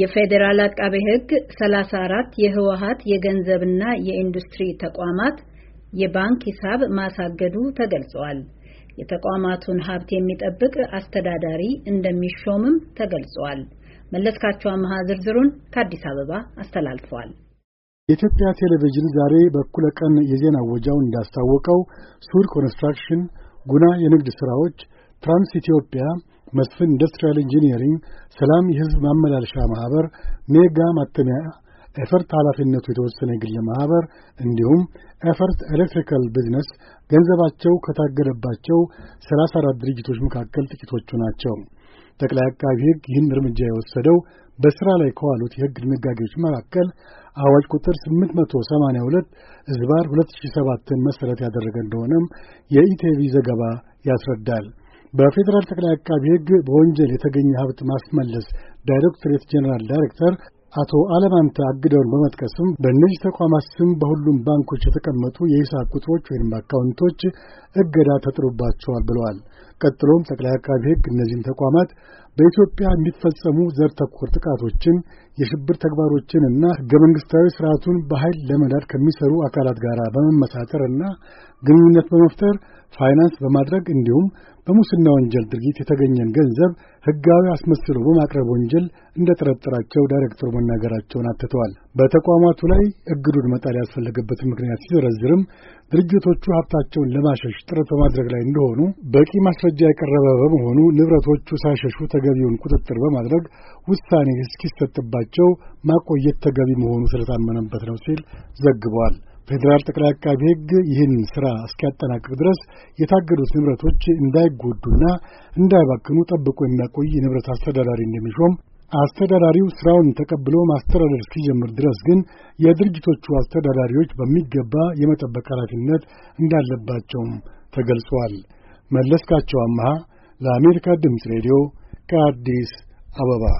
የፌዴራል አቃቤ ሕግ 34 የህወሀት የገንዘብና የኢንዱስትሪ ተቋማት የባንክ ሂሳብ ማሳገዱ ተገልጿል። የተቋማቱን ሀብት የሚጠብቅ አስተዳዳሪ እንደሚሾምም ተገልጿል። መለስካቸው አመሃ ዝርዝሩን ከአዲስ አበባ አስተላልፏል። የኢትዮጵያ ቴሌቪዥን ዛሬ በኩለ ቀን የዜና ወጃው እንዳስታወቀው ሱር ኮንስትራክሽን ጉና የንግድ ሥራዎች፣ ትራንስ ኢትዮጵያ፣ መስፍን ኢንዱስትሪያል ኢንጂኒሪንግ ሰላም የሕዝብ ማመላለሻ ማኅበር፣ ሜጋ ማተሚያ፣ ኤፈርት ኃላፊነቱ የተወሰነ የግል ማኅበር እንዲሁም ኤፈርት ኤሌክትሪካል ቢዝነስ ገንዘባቸው ከታገደባቸው 34 ድርጅቶች መካከል ጥቂቶቹ ናቸው። ጠቅላይ አቃቢ ሕግ ይህን እርምጃ የወሰደው በሥራ ላይ ከዋሉት የሕግ ድንጋጌዎች መካከል አዋጅ ቁጥር 882 ዕዝባር 2007ን መሠረት ያደረገ እንደሆነም የኢቴቪ ዘገባ ያስረዳል። በፌዴራል ጠቅላይ አቃቢ ሕግ በወንጀል የተገኘ ሀብት ማስመለስ ዳይሬክቶሬት ጄኔራል ዳይሬክተር አቶ አለማንተ አግደውን በመጥቀስም በእነዚህ ተቋማት ስም በሁሉም ባንኮች የተቀመጡ የሂሳብ ቁጥሮች ወይም አካውንቶች እገዳ ተጥሎባቸዋል ብለዋል። ቀጥሎም ጠቅላይ አቃቢ ሕግ እነዚህን ተቋማት በኢትዮጵያ የሚፈጸሙ ዘር ተኮር ጥቃቶችን፣ የሽብር ተግባሮችንና ህገ መንግስታዊ ስርዓቱን በኃይል ለመዳድ ከሚሰሩ አካላት ጋር እና ግንኙነት በመፍጠር ፋይናንስ በማድረግ እንዲሁም በሙስና ወንጀል ድርጊት የተገኘን ገንዘብ ህጋዊ አስመስሎ በማቅረብ ወንጀል እንደጠረጠራቸው ዳይሬክተሩ መናገራቸውን አትተዋል። በተቋማቱ ላይ እግዱን መጣል ያስፈለገበትን ምክንያት ሲዘረዝርም ድርጅቶቹ ሀብታቸውን ለማሸሽ ጥረት በማድረግ ላይ እንደሆኑ በቂ ማስረጃ የቀረበ በመሆኑ ንብረቶቹ ሳይሸሹ ተገቢውን ቁጥጥር በማድረግ ውሳኔ እስኪሰጥባቸው ማቆየት ተገቢ መሆኑ ስለታመነበት ነው ሲል ዘግቧል። ፌዴራል ጠቅላይ አቃቢ ሕግ ይህን ስራ እስኪያጠናቅቅ ድረስ የታገዱት ንብረቶች እንዳይጎዱና እንዳይባክኑ ጠብቆ የሚያቆይ የንብረት አስተዳዳሪ እንደሚሾም አስተዳዳሪው ስራውን ተቀብሎ ማስተዳደር እስኪጀምር ድረስ ግን የድርጅቶቹ አስተዳዳሪዎች በሚገባ የመጠበቅ ኃላፊነት እንዳለባቸውም ተገልጿል። መለስካቸው አመሃ ለአሜሪካ ድምፅ ሬዲዮ ከአዲስ አበባ